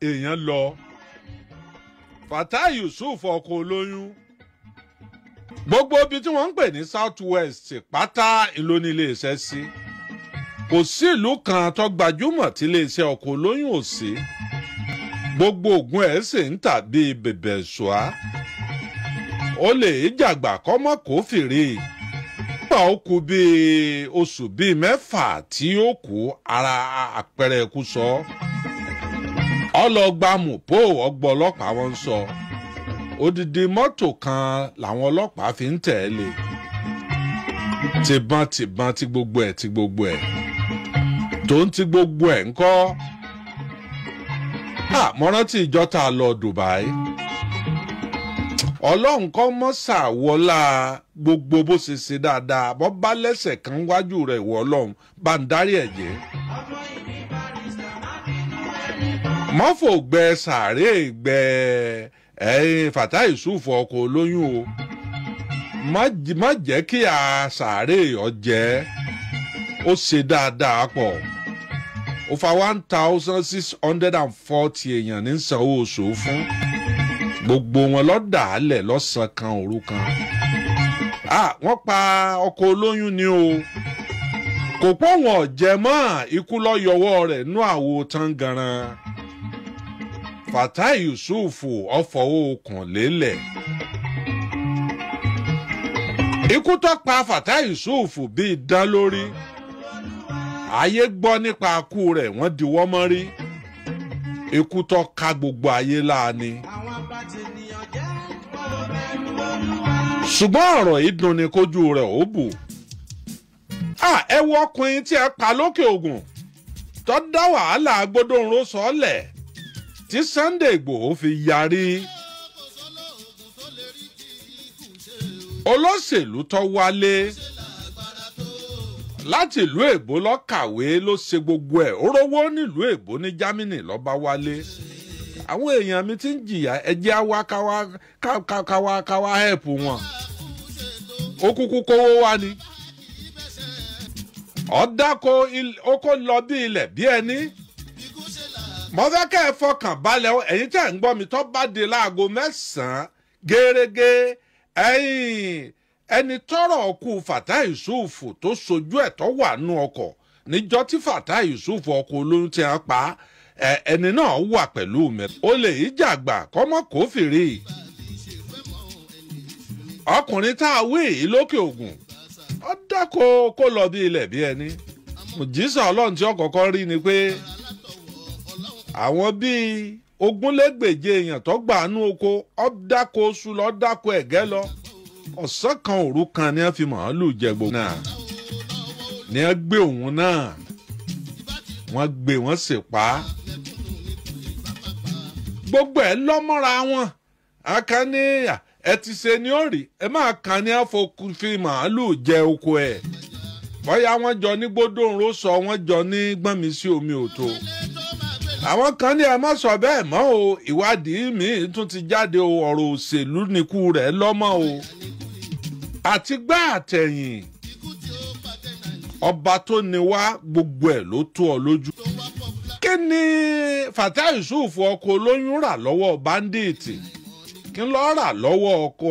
èèyàn lọ Fatai Yusuf ọkọ olóyún gbogbo ibi tí wọ́n ń pè ní South West pátá ìlú ní iléeṣẹ́ sí kò sí ìlú kan tó gbajúmọ̀ tí iléeṣẹ́ ọkọ olóyún ò sí gbogbo oògùn ẹ̀ sì ń tà bíi bẹ̀bẹ̀ ṣùá ó lè jàgbà kọ́mọ kó fìrí ó kú bíi oṣù bíi mẹ́fà tí ó kú ara àpẹẹrẹ ẹ̀kú sọ ọ́ ọlọgba mùpó ọgbọ ọlọ́pàá wọn sọ odidi mọ́tò kan làwọn ọlọ́pàá fi ń tẹ̀lé tìbọn tìbọn ti gbogbo ẹ̀ ti gbogbo ẹ̀ tó ń ti gbogbo ẹ̀ ń kọ́ mo rántí ìjọ a lọ Dubai ọlọ́run kọ́ mọ́ ṣàwọ́lá gbogbo bó ṣe ṣe dáadáa bọ́ bá lẹ́sẹ̀ kan wájú rẹ̀ wọ́ ọlọ́run bá ń darí ẹ̀ jẹ́. mọ́fò gbẹ sàárè gbẹ ẹyin fàtà yusuf ọkọ olóyún o má jẹ́ kí a sàárè ọ̀jẹ́ ó ṣe dáadáa pọ̀ ó fa one thousand six hundred and forty èèyàn ní sanwó oṣù fún gbogbo wọn lọ́dàálẹ̀ álẹ̀ lọ́sàn kan òru kan ah wọ́n pa ọkọ olóyún ni o kò pọ̀ wọn jẹ mọ́ ikú lọ́yọ̀wọ́ rẹ̀ nú àwo tán ganan. Fatai Yusuf ọfọwọ́ okùn lélẹ̀. ikú tó pa Fatai Yusuf bíi dán lórí ayé gbọ́ nípa akú rẹ̀ wọ́n diwọ́ mọ́ rí ikú tó ka gbogbo ayé láàánú. ṣùgbọ́n ọ̀rọ̀ yìí dunni kójú rẹ̀ ó bù. ẹ wo ọkùnrin tí ẹ pa lókè Ògùn tó dá wàhálà gbódòrò sọ́ọ̀lẹ̀. So tí Sunday Igbòho fi yarí. olóṣèlú tó wálé láti ìlú èbó lọ kàwé ló ṣe gbogbo ẹ̀ ó rówó nílùú èbó ní Germany ló bá wálé àwọn èèyàn mi ti ń jìyà ẹjẹ́ àwa káwa káwa help wọn ó kúkú kówó wá ni ọ̀dà kó lọ bí ilẹ̀ bí ẹni. mo fẹ́ kẹ́ ẹ fọkàn balẹ̀ ẹ̀yin tẹ̀ ń gbọ́ mi tó bá dé láago mẹ́sàn-án gẹ́gẹ́ ẹ̀yìn ẹni tọ́rọ̀ ọkù Fatai Yusuf tó sojú ẹ̀ tó wà nù ọkọ̀ níjọ́ tí Fatai Yusuf ọkọ̀ olóyún ti hàn pa ẹni náà wà pẹ̀lú mi ó lè yí jàgbà kọ́mọ kófìrí ọkùnrin tá a wí yìí lókè ògùn ó dákò kó lọ bí ilẹ̀ bí ẹni mùjísà ọlọ́run tí ọkọ̀ọ̀kan rí ni pé. àwọn bíi ogúnlẹ́gbèje èèyàn tó gbà nú oko ọ̀dàkọ̀ oṣù lọ dàkọ̀ ẹ̀gẹ́ lọ ọ̀sán kan òru kan ni wọ́n fi màálù jẹ gbogbo náà ni wọ́n gbé òun náà wọ́n gbé wọ́n sì pa á gbogbo ẹ̀ lọ́mọ́ra wọn àkànníyà ẹ ti ṣe ni ó rí ẹ máa kàn ní àfọkùnfin màálù jẹ oko ẹ̀ bóyá wọ́n jọ ní gbódòǹró sọ wọ́n jọ ní gbọ́nmi omi òtó àwọn kan ní ẹ má sọ bẹ́ẹ̀ mọ́ o ìwádìí míì tún ti jáde o ọ̀rọ̀ òṣèlú nìkú rẹ̀ lọ́mọ o àti gbá àtẹ̀yìn ọba tó ní wá gbogbo ẹ̀ ló tó ọ lójú. kí ni Fatai Yusuf ọkọ olóyún rà lọ́wọ́ báńdíìtì kí ló rà lọ́wọ́ ọkọ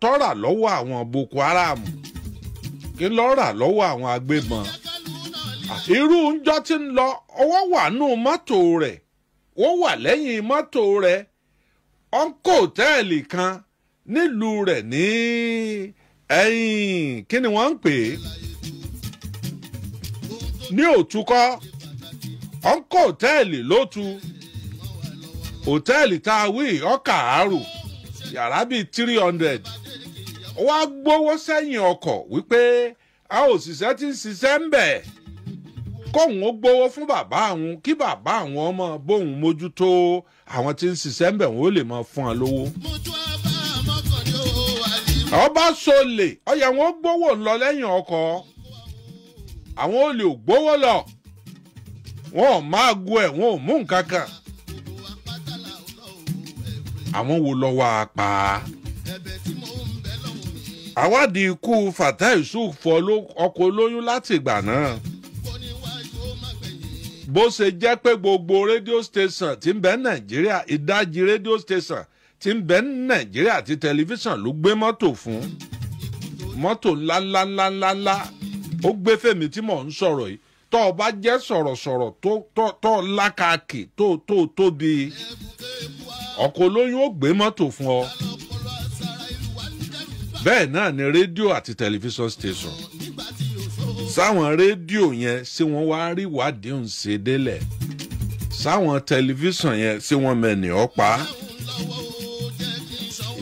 tó rà lọ́wọ́ àwọn Boko Haram kí ló rà lọ́wọ́ àwọn agbébọn. irú oúnjẹ tí ń lọ ọwọ́ wà nù mọ́tò rẹ̀ wọ́n wà lẹ́yìn mọ́tò rẹ̀ ọ̀nkọ́ òtẹ́ẹ̀lì kan nílùú rẹ̀ ní ẹ̀yìn kí ni wọ́n ń pè é ní òtúkọ́ ọ̀nkọ́ òtẹ́ẹ̀lì ló tu òtẹ́ẹ̀lì tá a wí ọkà àárò yàrá bíi three hundred wọ́n á gbowó sẹ́yìn ọkọ̀ wípé a ò ṣiṣẹ́ tí ń ṣiṣẹ́ ń bẹ̀. kóun ó gbowó fún bàbá àwọn kí bàbá àwọn ọmọ bóun mójútó àwọn tí ń ṣiṣẹ́ ń bẹ̀ wọ́n ó lè máa fún ọ lówó. ọba sọlẹ̀ ọyà wọn ó gbowó lọ lẹ́yìn ọkọ àwọn olè ò gbowó lọ wọn ò máa gu ẹ̀ wọn ò mú nǹkan kan àwọn wo lọ wá a pa á. àwádìí ikú Fatai Yusuf fọ ọkọ̀ olóyún láti ìgbà náà bó ṣe jẹ́ pé gbogbo rédíò station tí ń bẹ nàìjíríà ìdajì rédíò station tí ń bẹ nàìjíríà àti tẹlifíṣàn ló gbé mọ́tò fún mọ́tò ńláńláńláńlá ó gbé fèmí tí mò ń sọ̀rọ̀ yìí tó o bá jẹ́ sọ̀rọ̀sọ̀rọ̀ tó o lákàkì tó o tóbi ọkọ̀ olóyún ó gbé mọ́tò fún ọ bẹ́ẹ̀ náà ni rédíò àti tẹlifíṣàn station sáwọn rédíò yẹn ṣé wọ́n wá rí ìwádìí ń ṣe délẹ̀ sáwọn tẹlifíṣàn yẹn ṣé wọ́n mẹ́ni ọ́ pa á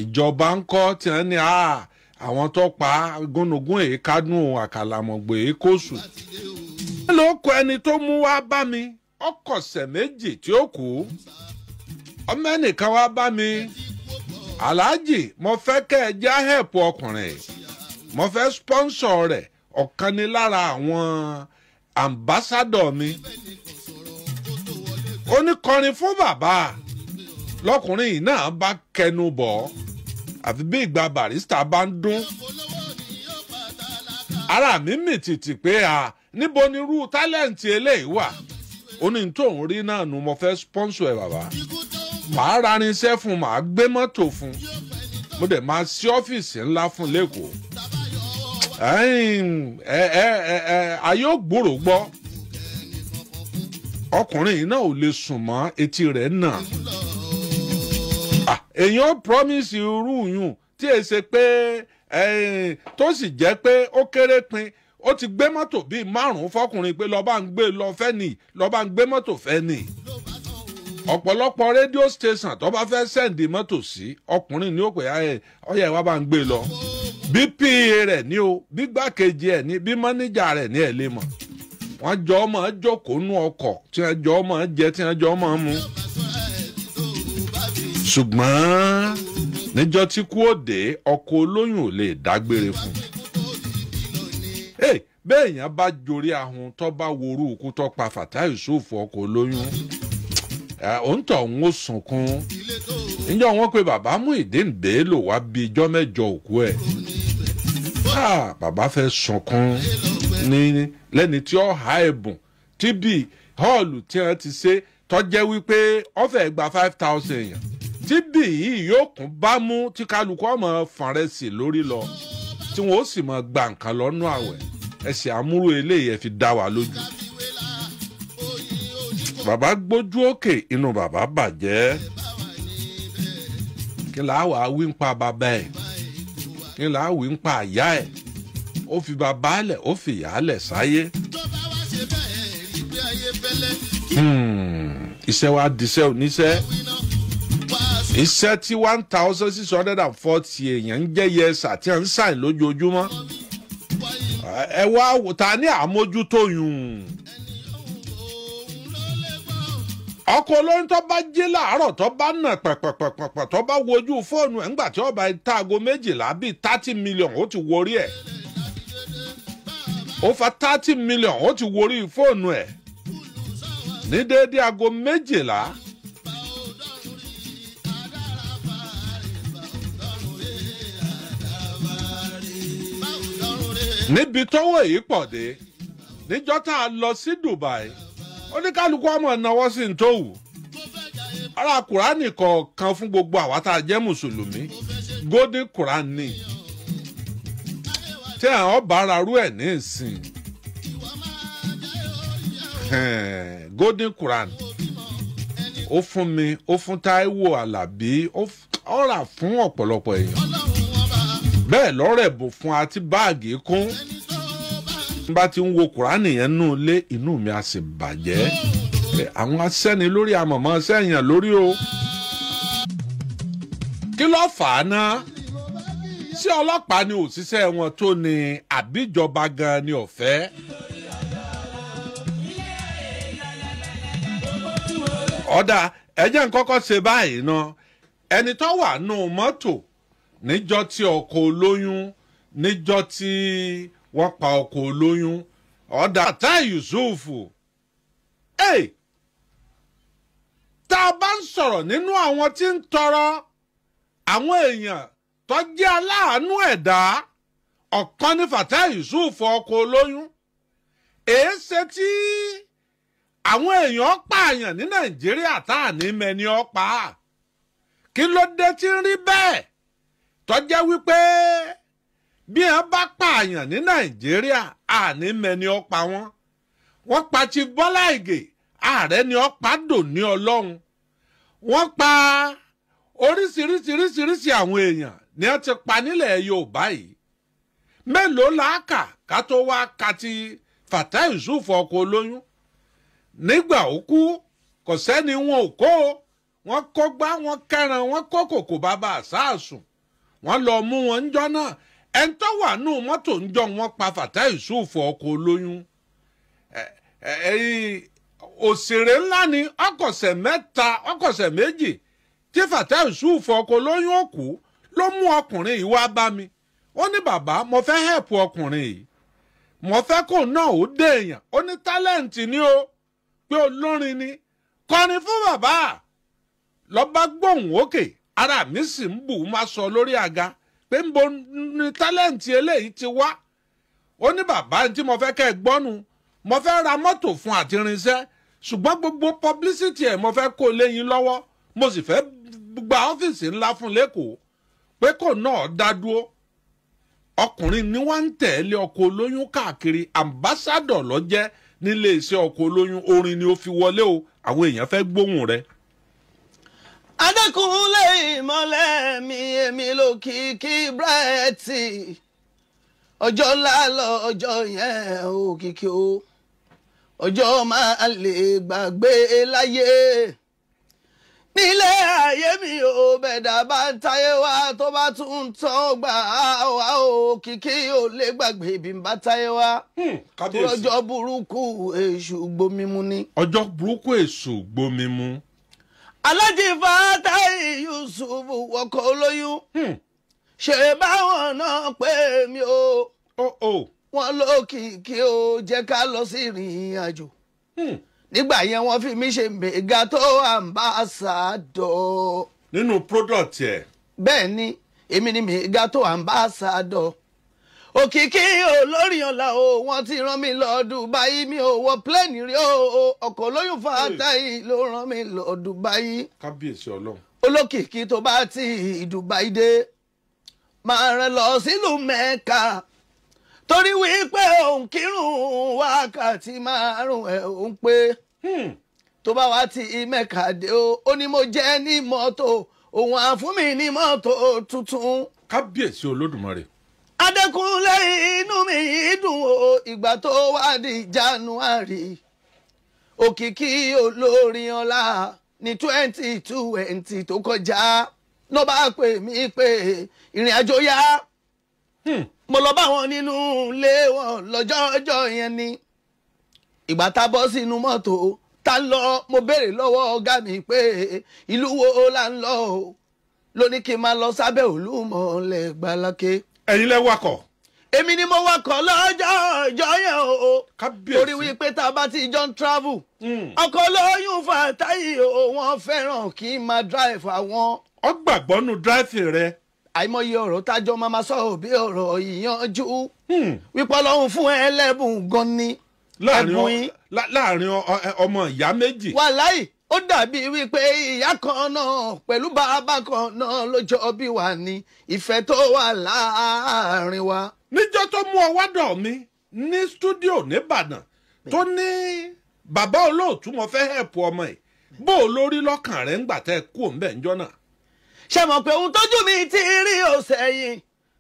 ìjọba ń kọ́ tí wọ́n ní àwọn tó pa gúnugún èyí kádùn òun àkàlàmọ̀gbò èyí kò sùn. ló kọ ẹni tó mú wá bá mi ọkọ̀sẹ̀ méjì tí ó kù ọmọ ẹnìkan wá bá mi aláàjì mo fẹ́ kẹ́ ẹ já hẹ̀pù ọkùnrin mo fẹ́ spọ́nsọ̀ rẹ̀ ọ̀kan ni lára àwọn ambassadọ̀ mi ó ní kọrin fún bàbá lọkùnrin yìí náà bá kẹnu bọ̀ àfi bí ìgbà barista bá ń dún ara mi mì tìtì pé a níbo ni irú tálẹ̀ǹtì eléyìí wà ó ní tóun rí náà nu mo fẹ́ sponsor ẹ̀ bàbá màá rarinṣẹ́ fún màá gbé mọ́tò fún mo dẹ̀ máa ṣí ọ́fíìsì ńlá fún lẹ́kọ̀ọ́ ayé ò gbòòrò gbọ́ ọkùnrin yìí náà ò lè sùn mọ́ etí rẹ̀ nà èèyàn ah, promise irú yùn tí è ṣe pé tó sì jẹ́ pé ó kéré pin ó ti gbé mọ́tò bíi márùn-ún fọkùnrin pé lọ́ọ́ bá ń gbé lọ fẹ́ nì lọ́ọ́ bá ń gbé mọ́tò fẹ́ nì ọ̀pọ̀lọpọ̀ rédíò station tó bá fẹ́ sẹ́ǹdì mọ́tò sí ọkùnrin ni ó pè ọ́ yẹ wá bá ń gbé lọ bí pa rẹ̀ ni o bí gbàkejì ẹ̀ ní bí mọ́níjà rẹ̀ ní ẹ̀ lè mọ̀ wọ́n jọ ọmọ jókòó nú tí wọ́n jọ ọmọ jẹ tí wọ́n jọ ọmọ mu. ṣùgbọ́n níjọ́ tí kú òde ọkọ̀ olóyún ò lè dágbére fún un. Hey, béèyàn bá jorí ahun tó bá worú ikú tó pa Fatai Yusuf ọkọ̀ olóyún òǹtọ̀ ń ó sunkún níjọ́ wọn pé bàbá Muyideen Bello wá bí ijọ́ mẹ́jọ òkú ẹ̀ bàbá fẹ́ sunkún ní lẹ́ni tí ó ha ẹ̀bùn tí bíi họ́ọ̀lù tí wọ́n ti ṣe tọ́jẹ́ wípé ọ̀fẹ́ gba five thousand èèyàn tí bíi yìí yóò kún bámú tí kálukú ọmọ fàrẹ́sì lórí lọ tí wọ́n ó sì mọ gba nǹkan lọ́nú àwẹ̀ ẹsẹ̀ àmúrò eléyìí ẹ̀ fi dá wa lójú bàbá gbójú òkè inú bàbá bàjẹ́ kí làá wàá wí ń pa bàbá ẹ̀ ńlá àwìn ń pa àyà ẹ̀ ó fi bàbá lẹ̀ ó fi ìyá lẹ̀ sáyé. Hmm, iṣẹ́ wa diṣẹ́ oníṣẹ́ iṣẹ́ tí one thousand six hundred and forty èèyàn ń jẹ́ yẹsà tí wọ́n ń sàn lójoojúmọ́ ẹ wá ta ní àmójútó yùn. ọkọ̀ olórin tó bá jí làárọ tó bá nà pẹ̀pẹ̀pẹ̀pẹ̀ tó bá wojú fóònù ẹ̀ ńgbà tí ọba ìtaago méjìlá bíi thirty million ó ti worí ẹ ó fa thirty million ó ti worí fóònù ẹ ní déédéé aago méjìlá. níbi tọ́wọ́ èyí pọ̀ dé níjọ́ tá a lọ sí Dubai. oníkálukú ọmọ ìnáwó sì ń tó wù ara kùránì kọ̀ọ̀kan fún gbogbo àwa tá a jẹ́ mùsùlùmí golden kùránì tí àwọn bára rú ẹ̀ ní ìsìn golden quran ó fún mi ó fún Táíwò Àlàbí ó rà fún ọ̀pọ̀lọpọ̀ èèyàn bẹ́ẹ̀ lọ́rẹ̀ bò fún àti báàgì kún bá ti ń wo kùránì yẹn nù lé inú mi á sì bàjẹ́ àwọn asẹ́ni lórí amọ̀mọ́ sẹ́yìn lórí o kí ló fà á ná ṣé ọlọ́pàá ni òṣìṣẹ́ wọn tó ni àbíjọba gan ni ọ̀fẹ́. ọ̀dà ẹ̀jẹ̀ ń kọ́kọ́ ṣe báyìí ná ẹni tó wà nù mọ́tò níjọ́ tí ọkọ̀ olóyún níjọ́ tí wọ́n pa ọkọ olóyún ọ̀dà tá Yusuf hey! tá a bá ń sọ̀rọ̀ nínú àwọn tí ń tọrọ àwọn èèyàn tó jẹ́ aláàánú ẹ̀dá ọ̀kan ní Fàtà Yusuf ọkọ olóyún èé ṣe tí àwọn èèyàn pààyàn ní Nàìjíríà tá à ní mẹ́ni ọ́ pa kí ló dé tí ń rí bẹ́ẹ̀ tó jẹ́ wípé. bí wọn bá pààyàn ní nàìjíríà àní mẹni ọpa wọn wọn pa Chief Bọ́lá Ìgè ààrẹ ni ọpa dò ní ọlọ́run wọ́n pa oríṣiríṣiríṣiríṣi àwọn èèyàn ni wọ́n ti pa nílẹ̀ yorùbá yìí mélòó la kà ká tó wá ka ti fàtà Yusuf ọkọ olóyún nígbà ó kú kò sẹ́ni wọn ò kó wọn wọ́n kó gbá wọn kẹran wọn kó kòkò bàbá àṣàṣùn wọn lọ mú wọn ń jọ náà ẹn tó wà nù mọ́tò ń jọ wọn pa Fatai Yusuf ọkọ̀ olóyún òṣèré ńlá ni ọkọ̀sẹ̀ mẹ́ta ọkọ̀sẹ̀ tí Fatai Yusuf ọkọ̀ olóyún òkú ló mú ọkùnrin yìí wá bá mi ó ní bàbá mo fẹ́ hẹ̀pù ọkùnrin yìí mo fẹ́ kó náà ó dé èèyàn ó ní tálẹ́ǹtì ni ó pé olórin ni kọrin fún bàbá lọ́ba gbóhùn ara mi sì ń bù ú má sọ lórí àga. pé ń bo ni tálẹ́ǹtì eléyìí ti wá ó ní bàbá tí mo fẹ́ kẹ́ ẹ gbọ́nu mo fẹ́ ra mọ́tò fún àti irinṣẹ́ ṣùgbọ́n gbogbo publicity ẹ̀ mo fẹ́ kó léyìn lọ́wọ́ mo sì fẹ́ gba ọ́fíìsì ńlá fún lẹ́kọ̀ọ́ pé kò náà dá ọkùnrin ni wọ́n ń tẹ̀lé ọkọ̀ olóyún káàkiri ambassadọ̀ ló nílé iṣẹ́ ọkọ̀ olóyún orin ni ó fi wọlé o àwọn èèyàn fẹ́ gbóhùn rẹ̀. Adékúnlé ìmọ́lẹ̀ mi èmi lókìkí bírẹ́ẹ̀tì ọjọ ńlá lọ́jọ́ yẹn òkìkí o ọjọ́ máa lè gbàgbé láyé nílé ayé mi ò bẹ̀dà bá ń táyé wá tó bá tún ń tán gbà wá òkìkí ò lè gbàgbé ibi ń bá táyé wá hmm, ọjọ́ burúkú èṣù gbomimu ni. ọjọ́ burúkú èṣù gbomimu. alájì fàtàì yusuf wọkọ olóyún hmm. ṣe wọn náà pè mí o oh, oh. wọn kí o jẹ́ ká lọ sí ìrìn àjò hmm. nígbà yẹn wọn fi mí ṣe mega tó ambassador. nínú product ẹ bẹẹni ni èmi ni mega tó ambassador. òkìkí olórí ọ̀la o wọ́n ti rán mi lọ Dubai mi ò wọ plẹ́ẹ̀nì rí o ọkọ̀ olóyún fàtàyí ló rán mi lọ Dubai. kábíyèsí ọlọ́run. olókìkí tó bá ti Dubai dé máa rán lọ sílùú Mẹ́ka torí wípé òun kírun wákàtí márùn-ún ẹ̀ òun pé hmm. tó bá wá ti Mẹ́ka dé o ó ní mo jẹ́ ní mọ́tò òun á ní mọ́tò tuntun. kábíyèsí olódùmarè. Adékúnlé inú mi dùn o ìgbà tó wá di January òkìkí olórin ọlá ní twenty twenty tó kọjá ló bá pè mí pé ìrìn àjò yá hmm. mo lọ bá wọn nínú ilé wọn lọ́jọ́jọ́ yẹn ni ìgbà tá a bọ́ sínú mọ́tò tá a lọ mo béèrè lọ́wọ́ ọ̀gá mi pé ìlú wo la ń lọ o ló kí n máa lọ sábẹ́ Olúmọ̀ọ́lẹ̀ Gbàlàké ẹ̀yin lẹ́ wakọ̀. èmi ni mo wakọ̀ lọ́jọ́ ọjọ́ yẹn o. kábíyèsí torí wípé tá a bá ti jọ ń travel. Hmm. ọkọ̀ lóyún fàtáyì o wọ́n fẹ́ràn kí n máa drive àwọn. ọ gbàgbọ́ nu drive rẹ. àìmọye ọ̀rọ̀ tájọ́ máa ma sọ̀rọ̀ bí ọ̀rọ̀ ìyanjú. Hmm. wípé ọlọ́run fún ẹlẹ́bùn gan ni. láàrin ọmọ ìyá méjì. wàláì ó dàbí wípé ìyá kan náà pẹ̀lú bàbá kan náà ló jọ bí wà ní ìfẹ́ tó wà láàárín wa. níjọ́ tó mú ọ wádọ̀ mi ní stúdíò nìbàdàn tó ní bàbá olóòtú mo fẹ́ hẹ̀pù ọmọ ẹ̀ bó o lórí lọ́kàn rẹ̀ tẹ́ kú mi ti rí òsè yìí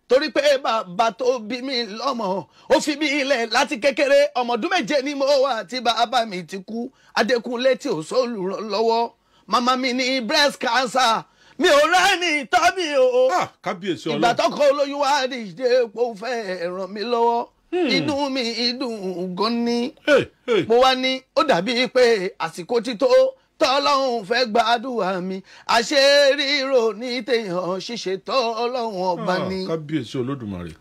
torí pé bàbá tó bí mi lọ́mọ ó fi mí ilẹ̀ láti kékeré ọmọ ọdún méje ni mo wà tí bàbá mi ti kú Adékúnlé tí ò sólùrànlọ́wọ́ màmá mi ní breast cancer mi ò rẹ́ni tọ́ mi o ìgbà tọkọ olóyún wa dìde pé ó fẹ́ ràn mí lọ́wọ́ hmm. inú mi dùn gan ni mo wá ní ó dàbí pé àsìkò ti tó tọ́lọ́hún fẹ́ gbàdúrà mi àṣé ríro ní tèèyàn ṣíṣe tọ́lọ́hún ọba ah, ni. kábíyèsí olódùmarè.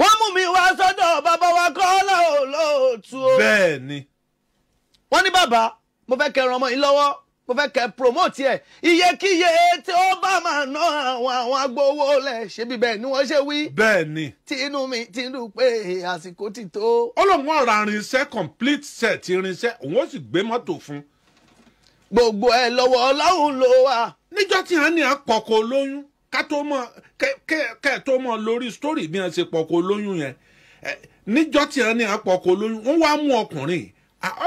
wọ́n mú mi wá sọ́dọ̀ bàbá wa Kọ́lá Olóòtú o. bẹ́ẹ̀ ni. wọ́n ní bàbá mo fẹ́ kẹ́ ran ọmọ yìí lọ́wọ́ mo fẹ́ kẹ́ promote ẹ̀ iyekíye tí ó bá máa ná àwọn àwọn agbowó lẹ̀ ṣe bí bẹ́ẹ̀ ni wọ́n ṣe wí. bẹ́ẹ̀ ni. tinú mi ti pé àsìkò ti tó. ó lóun ọ̀rọ̀ àrìnṣẹ́ complete set irinṣẹ́ òun ó sì gbé mọ́tò fún un gbogbo ẹ lọ́wọ́ ọlọ́run ló wà. níjọ́ tí hàn ní àpọ̀kọ̀ olóyún ká tó mọ kẹ́ ẹ̀ tó mọ lórí sítórì bí wọ́n ṣe pọ̀kọ̀ olóyún yẹn níjọ́ tí hàn ní àpọ̀kọ̀ olóyún wọ́n wá mú ọkùnrin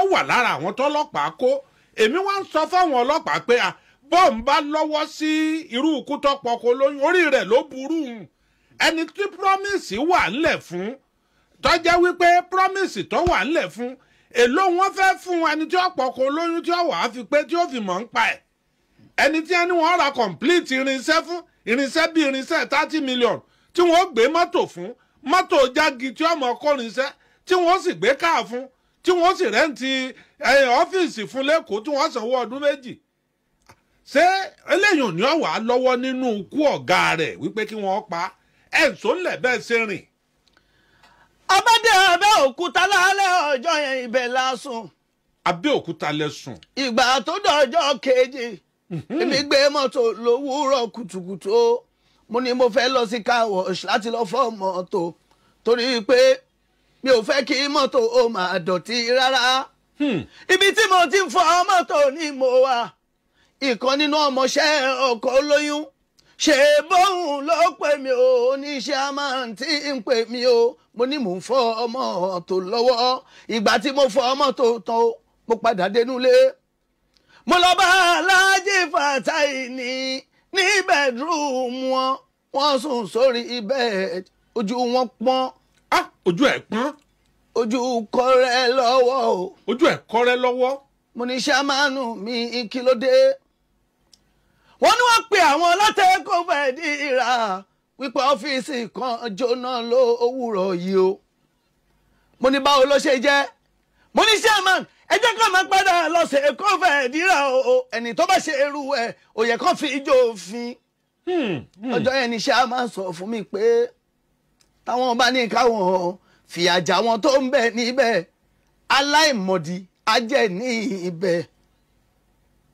ọ wà lára àwọn tọ́lọ́pàá kó èmi wá ń sọ fáwọn ọlọ́pàá pé bọ́ọ̀n bá lọ́wọ́ sí irú ikú tó pọ̀kọ̀ orí rẹ̀ ló burú ẹni tí promise wà ńlẹ̀ fún tó wípé promise tó wà ńlẹ̀ fún èló wọn fẹ́ fún ẹni tí ó pọ̀kọ lóyún tí ó wà á fi pé tí ó fi mọ̀ ń pa ẹ̀ ẹni tí ẹni wọn ra complete irinṣẹ́ fún irinṣẹ́ bí irinṣẹ́ thirty million tí wọ́n gbé mọ́tò fún mọ́tò jági tí ọmọ kọrinṣẹ́ tí wọ́n sì gbé káà fún tí wọ́n sì rẹ́ǹtì ọ́fíìsì fún lẹ́kọ̀ọ́ tí wọ́n sanwó ọdún méjì ṣé eléyìí ò ní ọ̀wà lọ́wọ́ nínú ikú ọ̀gá rẹ̀ wípé kí wọ́n pa ẹ̀ ń sọ ń lẹ̀ bẹ́ẹ̀ ṣe rìn abádé abẹ́òkúta lálẹ́ ọjọ́ yẹn ibẹ̀ la sùn. abẹ́òkúta lẹ sùn. ìgbà tó dọjọ́ kejì mhm. èmi gbé mọ́tò lówùúrọ̀ kùtùkùtù mo ní mo fẹ́ lọ sí car wash láti lọ fọ mọ́tò torí pé mi ò fẹ́ kí mọ́tò ó máa dọ̀tí rárá. Hmm. ibi tí mo ti ń fọ mọ́tò ni mo wà ìkan nínú ọmọọṣẹ́ ọkọ̀ olóyún ṣe bóun ló pè mí o oníṣẹ́ a máa ń tí ń pè mí o mo ní mò ń fọ ọmọ tó lọ́wọ́ ìgbà tí mo fọ ọmọ tó tán mo padà dénúlé mo lọ bá aláàjì Fatai ní ní bedroom wọn wọ́n sùn sórí bed ojú wọn pọ́n. ojú ẹ̀ pọ́n. ojú kọ́rẹ́ lọ́wọ́ o. ojú ẹ̀ kọ́rẹ́ lọ́wọ́. mo ní sàmánù mi kí ló dé wọ́n ní wọ́n pe àwọn látẹ̀kọ́ fẹ̀díra wípé ọ́fíìsì kan jóná ló òwúrọ̀ yìí o mo ní báwo ló ṣe jẹ́ mo ní chairman ẹ jẹ́ ká máa padà lọ́sẹ̀ kó fẹ̀díra o ẹni tó bá ṣe irú ẹ̀ òye kan fi ijó òfin hmm, hmm. ọjọ́ yẹn ni chairman sọ fún mi pé táwọn bá ní káwọn fìyàjà wọn tó ń bẹ níbẹ̀ aláìmọ̀dí ajẹ́ ní ibẹ̀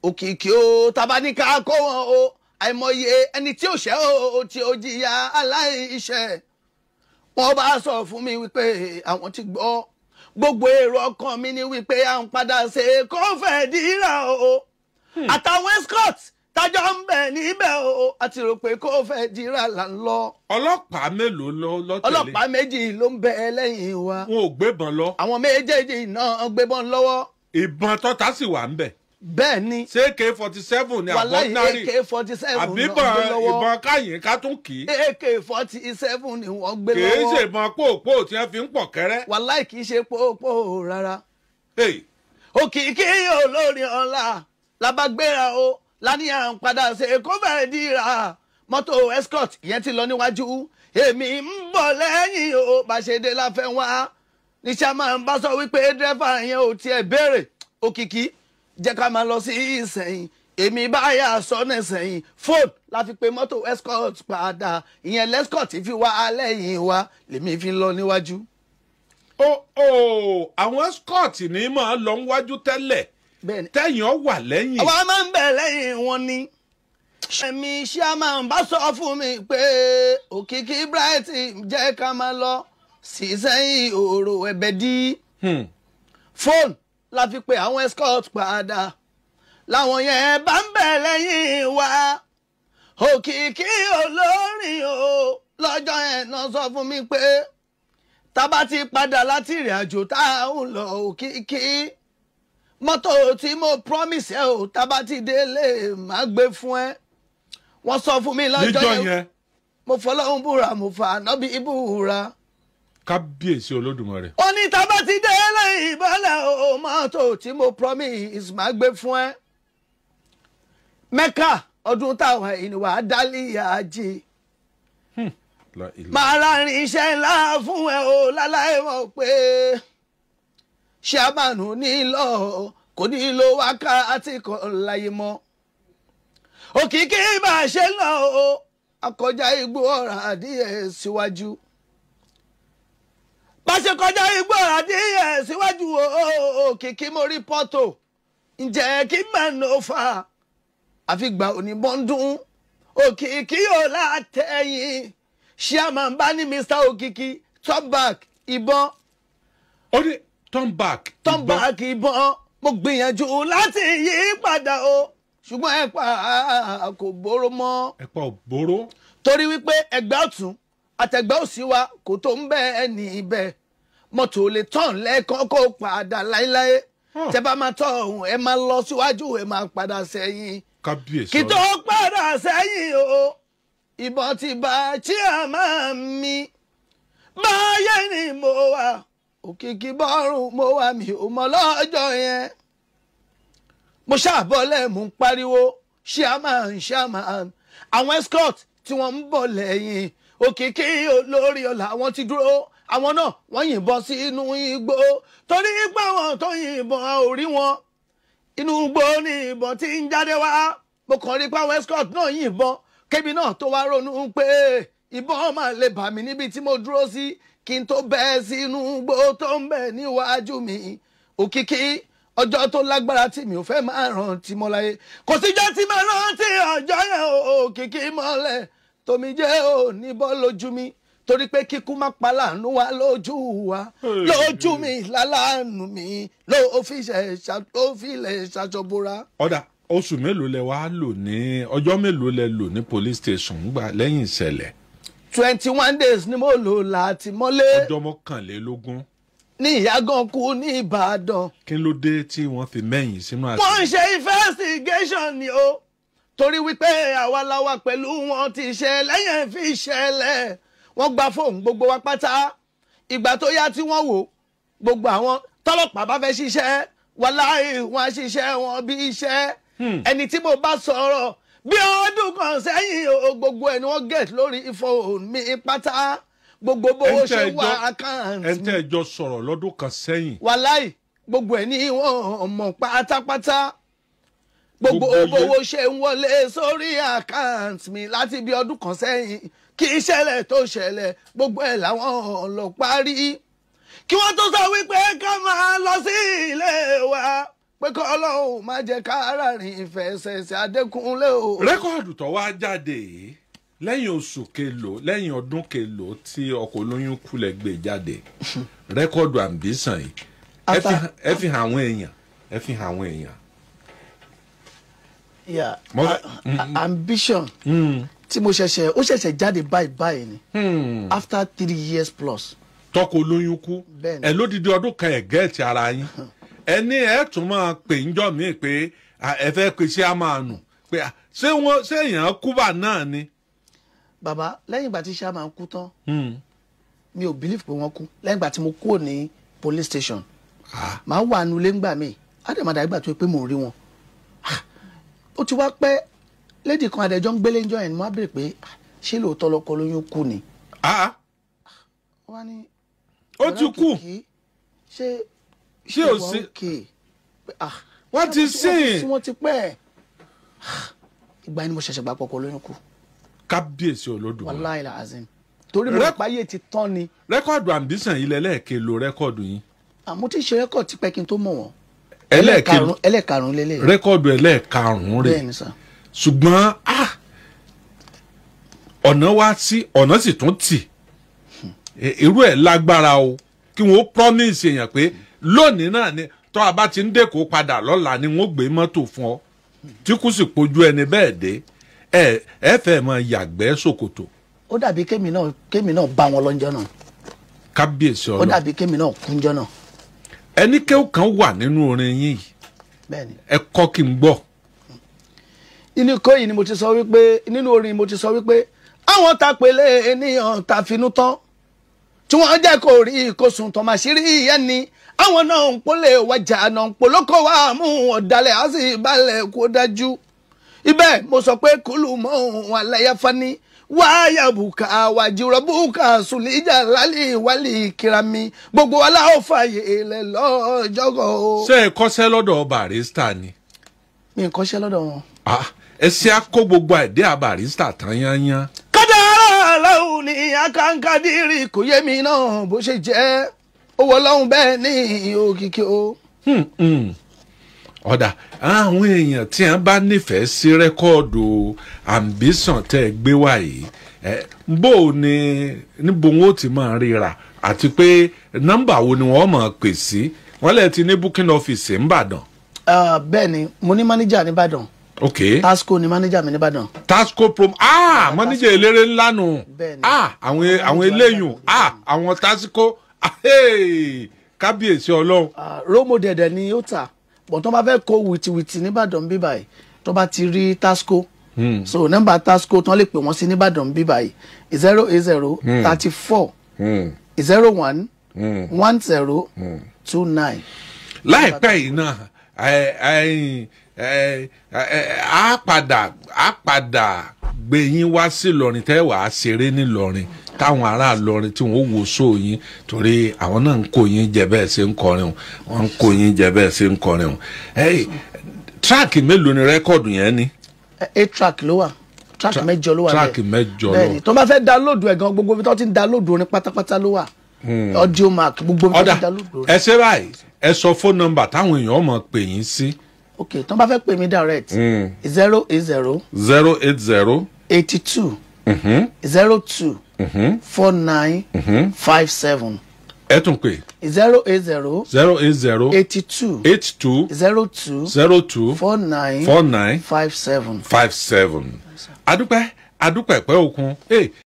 òkìkí o tabaníkà kó wọn o àìmọye ẹni tí ò ṣẹ̀ o tí ó jìyà aláìṣẹ̀ wọ́n bá sọ fún mi wípé àwọn ti gbọ́ gbogbo èrò ọkàn mi ni wípé à ń padà ṣe kófẹ̀díra o hmm. àtàwọn escort tájọ ń bẹ níbẹ̀ o àti rò pé kófẹ̀díra là ń lọ. ọlọ́pàá mélòó ló tẹ̀lé. ọlọ́pàá méjì ló ń bẹ lẹ́yìn wa. wọn ò gbébọn lọ. àwọn méjèèjì náà gbébọn lọ́wọ́. ìbọn tọ́ta sì wà ń bẹ̀ bẹ́ẹ̀ ni. ṣé ak forty seven ni àbọ̀tárì wàláyé ak forty seven náà gbé lọ́wọ́ àbíbọn ìbọn káyìn ká tún kì í. ak forty seven ni wọ́n gbé lọ́wọ́. kì í ṣe ìbọn pòpò tí wọ́n fi ń pọ̀ kẹ́rẹ́. wàláyé kì í ṣe pòpò rárá. òkìkí olórin ọ̀la làbàgbéra o lánìyàn padà ṣe kó bẹ̀rẹ̀ dìra mọ́tò escort ìyẹn ti lọ níwájú èmi ń bọ̀ lẹ́yìn o bàṣẹ́dé láfẹ́ wá níṣẹ́ máa ń bá sọ wípé dẹ́fà yẹn ò tiẹ̀ béèrè òkìkí jẹ́ ká máa lọ sí ìsẹ̀yìn èmi báyà sọ́nà sẹ́yìn fóònù la fi pe mọ́tò escort padà ìyẹn lescort fi wá alẹ́ yìí wá lèmi fi lọ níwájú. ó ó àwọn escort ni máa lọ níwájú tẹ́lẹ̀ tẹ́yìn ọ wà lẹ́yìn. àwa máa ń bẹ̀ lẹ́yìn wọn ni ẹ̀mí chairman bá sọ fún mi pé òkìkí bright jẹ́ ká máa lọ sí sẹ́yìn òòrò ẹ̀bẹ̀ dí. Hmm. fóònù la fi pe àwọn escort padà láwọn yẹn bá ń bẹ̀ lẹ́yìn wa òkìkí olórin o lọ́jọ́ yẹn náà sọ fún mi pé tábà ti padà láti ìrìn àjò tá à ń lọ òkìkí mọ́tò tí mo promise ẹ o tábà ti délé máa gbé fún ẹ wọ́n sọ fún mi lọ́jọ́ yẹn mo fọlọ́hún búra mo fà ànábì búra kábíyèsí olódùmarè. ó ní ti dé lẹ́yìn ìbálẹ̀ o máa tó tí mo promise máa gbé fún ẹ. mẹ́kà ọdún táwọn ènìyàn wà dálé ìyájí. máa lárin iṣẹ́ ńlá fún ẹ o láláì mọ̀ pé ṣàmánù nílò kò nílò wákàtí kan láyé mọ́. òkìkí máa ṣe lọ o akọjá igbó ọ̀rọ̀ adìyẹ síwájú. Si báṣe kọjá igbó àdé ẹ̀ síwájú òkìkí mo rí pọ́tò ǹjẹ́ kí mẹ́nu fa àfìgbà oníbọ́ndún òkìkí ò látẹ̀yìn ṣíàmà ń bá ní mr òkìkí turn back ìbọn. ó ní turn back ìbọn. turn back ìbọn mo gbìyànjú láti yí padà o ṣùgbọ́n ẹ pa kò bóró mọ́. ẹ pa ò bóró. torí wípé ẹgbẹ́ ọ̀tún àtẹ̀gbẹ́ òsì wa kò tó ń bẹ́ẹ̀ ní ibẹ̀ mọ́tò lè tán lẹ́ẹ̀kan kó padà láéláé tẹ́ bá máa tọ̀ ọ̀hún ẹ máa lọ síwájú ẹ máa padà sẹ́yìn kí tó padà sẹ́yìn o ìbọn ti bá chairman mi báyé ni mo wà òkìkí bọ́rùn mo wà mí ò mọ lọ́jọ́ yẹn mo ṣàbọ̀lẹ̀ mò ń pariwo chairman chairman àwọn escort tí wọ́n ń bọ̀ lẹ́yìn òkìkí olórí ọ̀la wọn ti dúró àwọn náà wọ́n yìnbọn sí inú igbó torí pé àwọn tó yìnbọn ò rí wọn inú igbó ni ìbọn ti ń jáde wá mo kàn rí pé àwọn escort náà yìnbọn kébi náà tó wá ronú pé ìbọn máa lè bà mí níbi tí mo dúró sí kí n tó bẹ́ẹ̀ sí inú igbó tó ń bẹ níwájú mi òkìkí ọjọ́ tó lágbára tí mi ò fẹ́ máa rántí mọ́ láyé kò síjọ́ tí máa rántí ọjọ́ yẹn òkìkí mọ́lẹ̀ tòmíjẹ́ ò ní bọ́ lójú mi torí pé kíkú má pa láàánú wa lójú wa lójú mi láláàánú mi ló fi ilẹ̀ ṣàṣọbúra. ọ̀dà oṣù mélòó lẹ wàá lò ní ọjọ́ mélòó lẹ lò ní police station gbà lẹ́yìn ìṣẹ̀lẹ̀. twenty one days ni mo lò láti mọ́lé. ọjọ́ mọ́kànlélógún ní ìyágan kú ní ìbàdàn. kí ló dé tí wọ́n fi mẹ́yìn sínú àṣà. wọ́n ń ṣe investigation ni o torí wípé àwa la wà pẹ̀lú wọn ti ṣe lẹ́yìn fi ṣẹlẹ̀ wọ́n gba fóònù gbogbo wa pátá ìgbà tó yá tí wọ́n wò gbogbo àwọn tọ́lọ́pàá bá fẹ́ ṣiṣẹ́ wàláì wọn ṣiṣẹ́ wọn bí iṣẹ́ hmm. ẹni tí mo bá sọ̀rọ̀ bí ọdún kan sẹ́yìn o gbogbo ẹni wọ́n get lórí fóònù mi pátá gbogbo bó ṣe wà account mi. ẹ tẹ́ ẹ jọ sọ̀rọ̀ lọ́dún kan sẹ́yìn. wàláì gbogbo ẹni wọ́n mọ̀ pátápátá gbogbo owó ṣe ń wọlé sórí àkáǹtì mi láti bí ọdún kan sẹ́yìn kí ìṣẹ̀lẹ̀ tó ṣẹlẹ̀ gbogbo ẹ̀ làwọn ọlọ́pàá rí kí wọ́n tó sọ wípé ká máa lọ sí ilé wa pé kọ́ ọlọ́run má jẹ́ ká rárín ìfẹsẹ̀sẹ̀ Adékúnlé o. rẹ́kọ̀dù tó wá jáde lẹ́yìn oṣù kelòó lẹ́yìn ọdún kelòó tí ọkọ̀ olóyún kulẹ̀ gbé jáde rẹ́kọ̀dù àǹbísàn yìí ẹ fi hàn àwọn èèyàn ẹ fi hàn àwọn èèyàn. yeah mm-hmm. ambition. Mm tí mo ṣẹ̀ṣẹ̀ ó ṣẹ̀ṣẹ̀ jáde báyìí báyìí ni hmm. after three years plus. tọkọ olóyún kú ẹ lódìdí ọdún kan ẹ gẹẹti ara yín ẹ ní ẹ tún máa pè ń jọ mí pé ẹ fẹ́ pe ṣé a máa nù pé ṣé wọn ṣé èèyàn kúbà náà ni. Baba, lẹ́yìn ìgbà tí ṣé a máa ń kú tán hmm. mi ò believe pé wọ́n kú lẹ́yìn ìgbà tí mo kúrò ní police station màá wà nulẹ̀ ńgbà mi àdèmàdà ìgbà tó yẹ pé mò rí wọn ah, ó ti wá pẹ́ lady kan àdẹjọ́ ń gbélé ń jọ yẹn ni mo á bèrè pé ah, ṣé lóòótọ́ lọ́kọ lóyún kú ni. Ah, ah. wọ́n ní ó ti kú ṣé ṣé ò sí wọ́n ti sìn wọ́n ti pẹ́ ìgbà ni mo ṣẹ̀ṣẹ̀ gbà pọ̀kọ lóyún kú. kábíyèsí olódùn wa wàláhì làásìm torí mo rẹ̀ páyé ti tán ni. rẹ́kọ̀dù ambition yìí lẹ́lẹ́ẹ̀kẹ́ lo rẹ́kọ̀dù yín. àmọ́ tí ṣe rẹ́kọ̀dù tipẹ́ kí n tó mọ̀ wọ́n. ẹlẹ́ẹ̀kẹ́ ẹlẹ́ẹ̀karùn-ún lélẹ́yìn. rẹ́kọ̀dù ẹlẹ́ẹ̀karùn-ún rẹ̀ ṣùgbọ́n ọ̀nà wá sí ọ̀nà sì tún tì irú ẹ̀ lágbára o kí wọ́n promise èèyàn pé lónìí náà ni tọ́ a bá ti ń dẹ́kọ̀ọ́ padà lọ́la ni wọ́n gbé mọ́tò fún ọ tí kò sì pojú ẹni bẹ́ẹ̀ dé ẹ ẹ fẹ́ mọ yàgbẹ́ ṣòkòtò. ó dàbí kémi náà kémi náà bá wọn lọ́njọ́ náà. kábíyèsí ọlọ ó dàbí kémi náà kúnjọ́ náà. ẹnikẹ́wò kan wà nínú orin yìí ẹ kọ́ kí n gbọ́ inú kóyì ni mo ti sọ wípé nínú orin mo ti sọ wípé àwọn ta pèlè ènìyàn ta finú tán tí wọ́n jẹ́ kó rí ìkósùn tọmọṣírí ìyẹn ni àwọn náà ń pólè wájà náà ń polókò wá mú ọ̀dàlẹ̀ á sì balẹ̀ kó dájú ibẹ̀ mo sọ pé kúlù mọ́ òun aláyáfá ní wáyà bùkà wàjúrọ̀ bùkà sùlíjà lálẹ́ ìwálẹ̀ kìrami gbogbo aláwọ̀ fààyè ilẹ̀ lọ́jọ́gọ̀ ṣé ẹ kọ́ṣẹ́ lọ́dọ̀ barista ni. mi kọ́ṣẹ́ lọ́dọ̀ wọn. Ah. ẹ ṣe akó gbogbo àìdí àbàrísà tán yányán. kádàrá aláwo ni akáńkádìrì kò yé mi náà bó ṣe jẹ́ owó ọlọ́run bẹ́ẹ̀ ní òkìkí o. Hmm, hmm. ọ̀dà àwọn èèyàn tí wọ́n bá nífẹ̀ẹ́ sí rẹ́kọ́ọ̀dù ambition tẹ́ ẹ gbé wá yìí bó o ní níbo wọn ò ti máa ríra àti pé nọ́mbà wo ni wọ́n máa pè sí wọ́n lẹ́ẹ̀ ti ní booking office ń bẹẹni ah, bẹ́ẹ̀ mo ní mánéjà ní ok tasco ni manager mi nìbàdàn. tasco prom ah manager eléré ńlá nù ah àwọn e- àwọn eléyùn ah àwọn tasco ah, kábíyèsí ọlọ́run. Ah, rómò dẹ̀dẹ̀ ni ó ta bọ̀ tó bá fẹ́ kó wìtìwìtì nìbàdàn bí báyìí tó bá ti rí tasco hmm. so nọ́mbà tasco tán lè pè wọ́n sí nìbàdàn bí báyìí zero eight zero hmm. thirty four hmm. zero one one zero two nine. láìpẹ́ yìí náà a padà á padà gbẹ̀yìn wá sí Ìlọrin tẹ́ wàá ṣeré táwọn ará Ìlọrin tí wọ́n wò sóò torí àwọn náà ń kó jẹ bẹ́ẹ̀ ṣe ń kọrin o wọ́n ń kó jẹ bẹ́ẹ̀ ṣe ń kọrin o track mélòó ni rẹ́kọ̀dù yẹn ni. eight track ló wà track mẹ́jọ ló wà bẹ́ẹ̀ track mẹ́jọ ló wà bá fẹ́ ẹ̀ gan gbogbo tó ti ń orin pátápátá ló wà hmm. ok tí wọ́n bá fẹ́ pè mí direct hmm. zero eight zero. zero eight zero. eighty two. Mm-hmm. zero two. Mm-hmm. four nine. Mm-hmm. five seven. ẹ tún pè. zero eight zero. zero eight zero. eighty two. eighty two. zero two. zero two. four nine. four nine. five seven. five seven. adúpẹ́ adúpẹ́ pẹ́ òkun.